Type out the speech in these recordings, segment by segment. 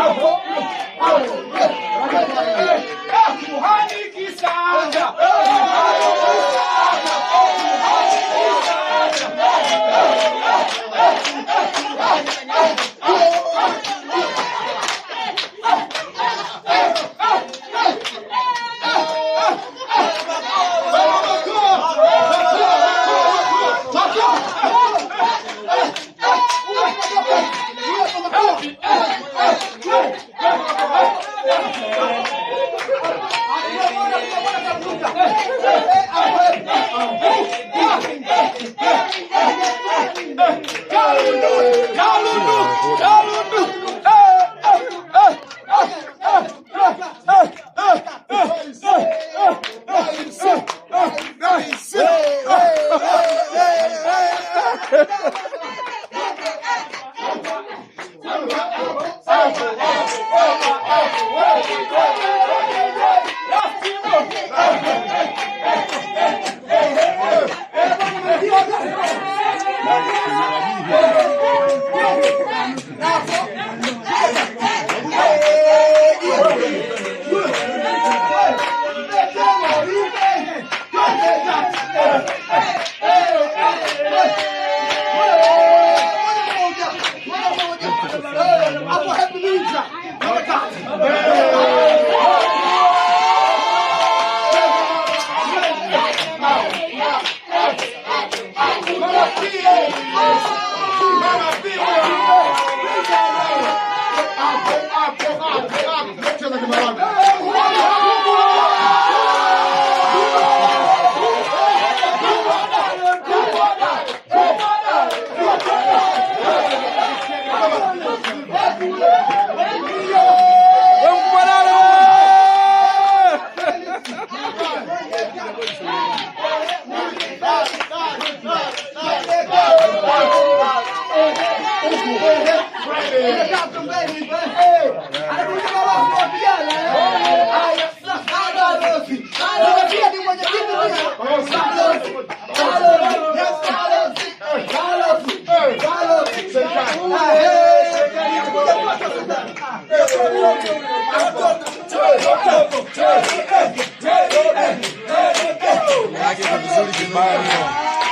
Oh, Go! Go! Go!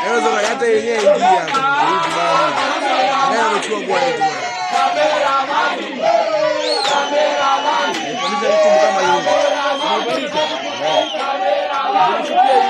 Arizona hata yenyewe ingia leo amechukua kwa hiyo kamera kama hiyo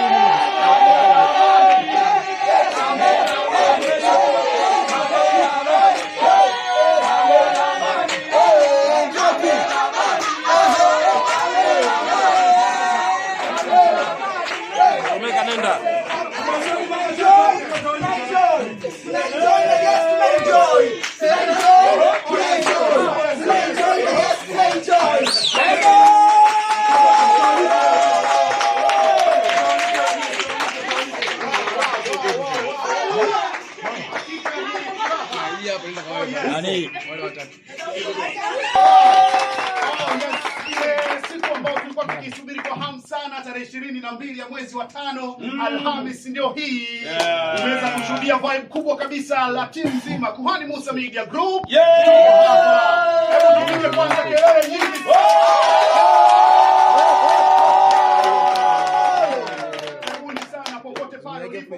Alhamis ndio hii yeah. Umeweza kushuhudia vibe kubwa kabisa la timu nzima Kuhani Musa Media Group yeah. yeah. Hebu kwanza kelele nyingi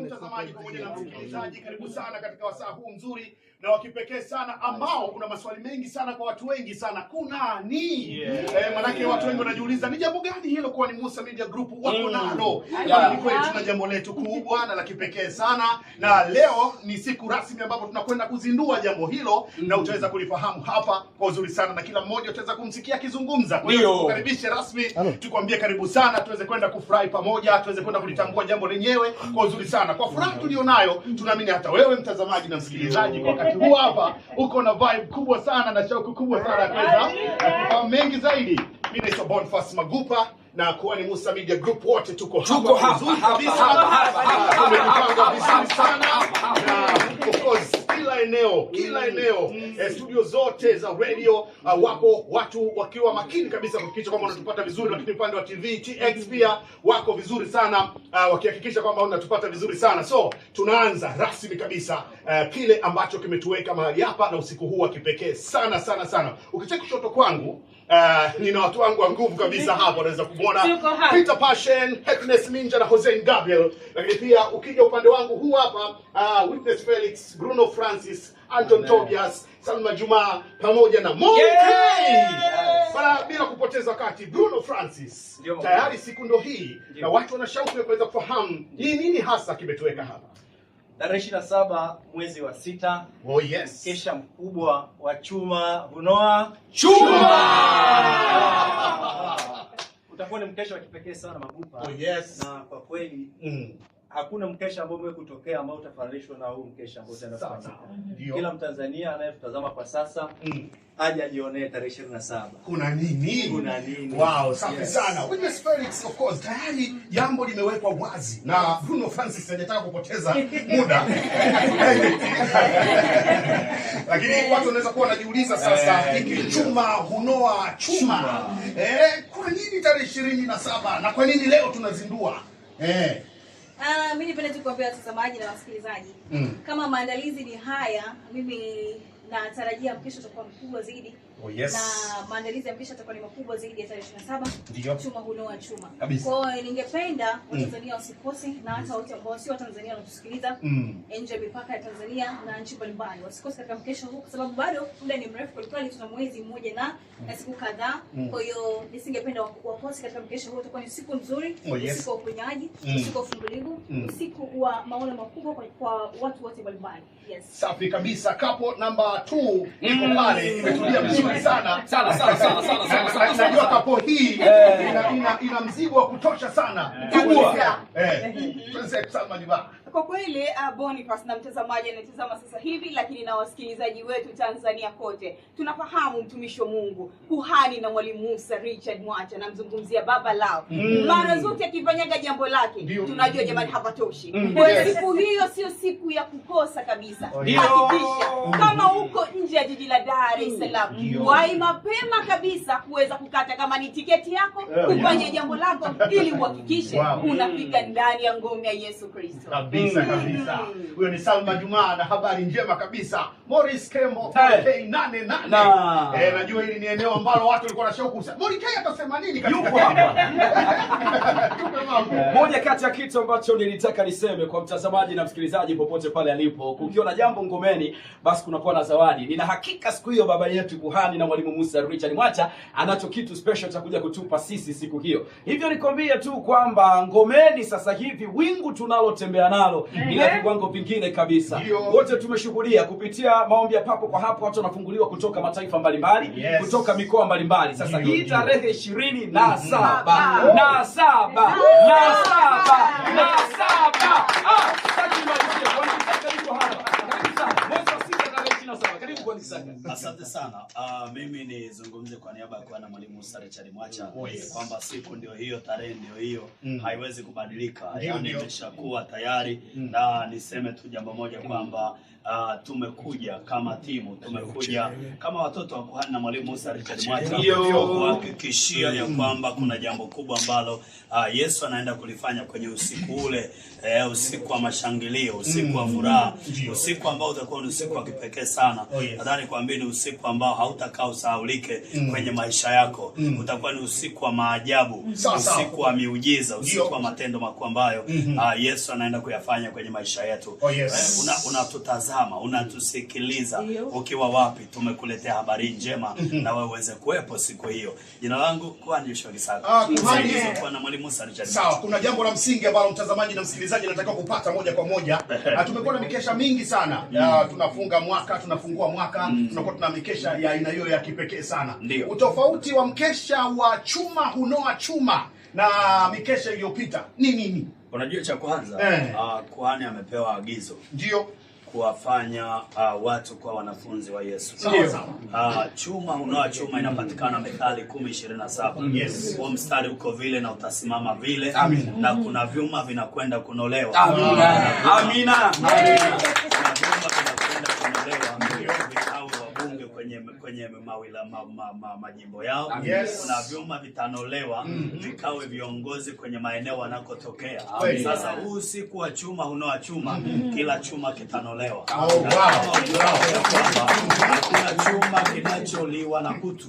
mtazamaji pamoja na msikilizaji, karibu sana katika wasaa huu mzuri na wakipekee sana ambao kuna maswali mengi sana kwa watu wengi sana kuna ni yeah. Eh, e, manake yeah. Watu wengi wanajiuliza ni jambo gani hilo kuwa ni Musa Media Group wako mm. nalo yeah. Ni kweli tuna jambo letu kubwa na la kipekee sana na leo ni siku rasmi ambapo tunakwenda kuzindua jambo hilo mm. Na utaweza kulifahamu hapa kwa uzuri sana na kila mmoja utaweza kumsikia akizungumza. Kwa hiyo tukaribishe rasmi, tukwambie karibu sana, tuweze kwenda kufurahi pamoja, tuweze kwenda kulitambua jambo lenyewe kwa uzuri sana, kwa furaha mm. tulionayo, tunaamini hata wewe mtazamaji na msikilizaji kwa wakati huu hapa uko na vibe kubwa sana na shauku kubwa sana ya kuweza kufahamu mengi zaidi. Mimi naitwa Bonfas Magupa na kuwa ni Musa Media Group, wote tuko hapa hapa hapa hapa hapa sana na hapa course kila eneo, kila mm. eneo eh, mm. studio zote za radio uh, ah, wako watu wakiwa makini kabisa kuhakikisha kwamba unatupata vizuri, lakini upande wa TV TX pia wako vizuri sana uh, wakihakikisha kwamba unatupata vizuri sana. So tunaanza rasmi kabisa uh, kile ambacho kimetuweka mahali hapa na usiku huu wa kipekee sana sana sana. Ukicheki kushoto kwangu Uh, nina watu wangu wa nguvu kabisa hapo unaweza kumwona Peter Passion, Happiness Minja na Jose Gabriel, lakini pia ukija upande wangu huu hapa uh, Witness Felix, Bruno Fra Francis, Anton Tobias, Salma Juma pamoja na Monica. Yes. Bana, bila kupoteza wakati Bruno Francis Yo. Tayari siku ndo hii Yo. Na watu wana shauku ya kuweza kufahamu ni nini hasa kimetoweka hapa tarehe 27 mwezi wa sita. Oh, yes. Kesha mkubwa wa chuma Bunoa. chuma, chuma! utakuwa ni mkesha wa kipekee sana Magupa. Oh, yes. Na kwa kweli mm hakuna mkesha ambao umewahi kutokea ambao utafananishwa na huu mkesha ambao utaenda kufanyika. Kila Mtanzania anayetutazama kwa sasa mm. aje ajionee tarehe 27. Kuna nini? Kuna nini? Wow, safi yes. sana. Witness Felix of course tayari jambo limewekwa wazi na Bruno Francis hajataka kupoteza muda. Lakini watu wanaweza kuwa wanajiuliza sasa hiki eh, chuma hunoa chuma. chuma. Eh, kuna nini tarehe 27 na kwa nini leo tunazindua? Eh, Uh, ah, mi nipende tu kuambia watazamaji na wasikilizaji mm. Kama maandalizi ni haya, mimi natarajia mkesho utakuwa mkubwa zaidi Oh, yes. Na maandalizi ya mpisha yatakuwa ni makubwa zaidi ya tarehe 27. Ndio. Chuma hunoa chuma. Kabisa. Kwa hiyo ningependa mm. Watanzania mm. wasikose na hata wote ambao sio Watanzania wanatusikiliza mm. nje ya mipaka ya Tanzania na nchi mbalimbali wasikose katika mkesha huu kwa sababu bado muda ni mrefu kwa kwelikweli, tuna mwezi mmoja na mm. na siku kadhaa. Mm. Kwa hiyo nisingependa wakose katika mkesha huu. Itakuwa ni siku nzuri, usiku oh, wa uponyaji, usiku wa uvumilivu, usiku wa maono makubwa kwa watu wote mbalimbali. Yes. Safi kabisa. Kapo namba 2 iko pale imetulia vizuri vizuri Najua kapo hii eh. ina mzigo wa kutosha sana. Kubwa. Eh. Kwa kweli uh, ah, Boniface na mtazamaji anatazama sasa hivi, lakini na wasikilizaji wetu Tanzania kote, tunafahamu mtumishi wa Mungu kuhani na mwalimu Musa Richard Mwacha, namzungumzia baba lao mm. mara zote akifanyaga jambo lake Dio. tunajua jamani, hapatoshi mm. kwa yes. siku hiyo sio siku ya kukosa kabisa. Hakikisha kama mm. uko nje ya jiji la Dar es Salaam, wahi mapema kabisa kuweza kukata kama ni tiketi yako kufanya oh, jambo lako ili uhakikishe wow. unafika ndani ya ngome ya Yesu Kristo kabisa kabisa. Huyo ni Salma jumaa na habari njema kabisa Morris Kembo hey. nane nane na. Eh, najua hili ni eneo ambalo watu walikuwa na shauku sana. Mori Kai atasema nini katika yuko hapa moja kati ya kitu ambacho nilitaka niseme kwa mtazamaji na msikilizaji popote pale alipo, kukiwa na jambo ngomeni, basi kunakuwa na zawadi. Nina hakika siku hiyo baba yetu kuhani na mwalimu Musa Richard Mwacha anacho kitu special cha kuja kutupa sisi siku hiyo. Hivyo nikwambie tu kwamba ngomeni sasa hivi wingu tunalotembea nalo ni eh. la viwango vingine kabisa. Wote tumeshuhudia kupitia maombi ya papo kwa hapo watu wanafunguliwa kutoka mataifa mbalimbali yes. kutoka mikoa mbalimbali. Sasa hii tarehe ishirini na saba na saba na saba na saba ah, Asante sana. Uh, mimi nizungumze kwa niaba ya kuwa na mwalimu Musa Richard Mwacha oh, yes. kwamba siku ndio hiyo, tarehe ndio hiyo mm. haiwezi kubadilika, yaani imeshakuwa tayari mm. na niseme tu jambo moja mm. kwamba Uh, tumekuja kama timu, tumekuja kama watoto wa kuhani na mwalimu Musa Richard Mwata kuhakikishia ya mm. kwamba kuna jambo kubwa ambalo uh, Yesu anaenda kulifanya kwenye usiku ule, uh, usiku wa mashangilio, usiku wa mm. furaha, usiku ambao utakuwa ni usiku wa kipekee sana. Oh, Nadhani kwambie ni usiku ambao hautakaa usahaulike mm. kwenye maisha yako. Utakuwa ni usiku wa maajabu, usiku wa miujiza, usiku wa matendo makuu ambayo mm-hmm. uh, Yesu anaenda kuyafanya kwenye maisha yetu. Oh, eh, unatutazama kama unatusikiliza ukiwa wapi, tumekuletea habari njema mhm. na wewe uweze kuwepo siku hiyo. Jina langu kwa ah, na mwalimu Musa Sawa, kuna jambo la msingi ambalo mtazamaji na msikilizaji anatakiwa kupata moja kwa moja. Ah, tumekuwa na mikesha mingi sana, mm. ah, tunafunga mwaka, tunafungua mwaka, mm. tunakuwa tuna mikesha ya aina hiyo ya kipekee sana. Utofauti wa mkesha wa chuma hunoa chuma na mikesha iliyopita ni nini? Unajua cha kwanza eh, uh, kuhani amepewa agizo ndio kuwafanya uh, watu kwa wanafunzi wa Yesu. Uh, chuma unao chuma inapatikana Methali 10:27. Yes. huo mstari uko vile na utasimama vile Amin. Na kuna vyuma vinakwenda kunolewa Amina. Amina. Amina. Amina. kwenye mawila, ma, ma, ma, majimbo yao yes. Kuna vyuma vitanolewa mm -hmm. Vikawe viongozi kwenye maeneo wanakotokea Sasa huu siku wa chuma unoa chuma mm -hmm. Kila chuma kitanolewa oh, wow. Hakuna chuma kinacholiwa na kutu,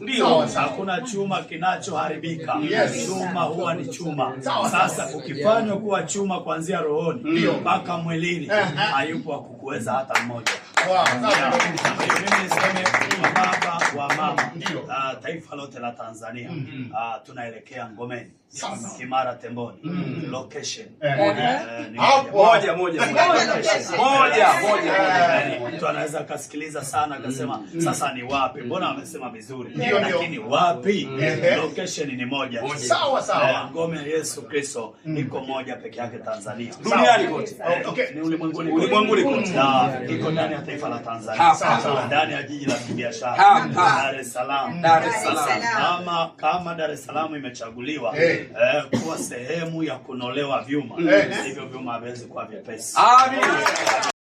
hakuna chuma kinachoharibika yes. Chuma huwa ni chuma. Sasa ukifanywa kuwa chuma kuanzia rohoni mpaka mwilini, eh, eh. hayupo kukuweza hata mmoja. Wow. Yeah uh, taifa lote la Tanzania mm -hmm. uh, tunaelekea Ngomeni Yes. Kimara Temboni mm. -hmm. location eh, eh, eh, moja moja moja, moja, mtu anaweza akasikiliza sana akasema mm. -hmm. sasa ni wapi? Mbona wamesema vizuri, yeah. lakini wapi? mm -hmm. location ni moja sawa sawa. Ngome ya Yesu Kristo mm -hmm. iko moja peke yake Tanzania, duniani kote, ni ulimwenguni ulimwenguni kote, ah, mm. iko ndani ya taifa la Tanzania, ndani ya jiji la kibiashara Dar es Salaam Dar es Salaam kama Dar es Salaam imechaguliwa hey. eh, kuwa sehemu ya kunolewa vyuma hey. hivyo vyuma haviwezi kuwa vyepesi. Amin.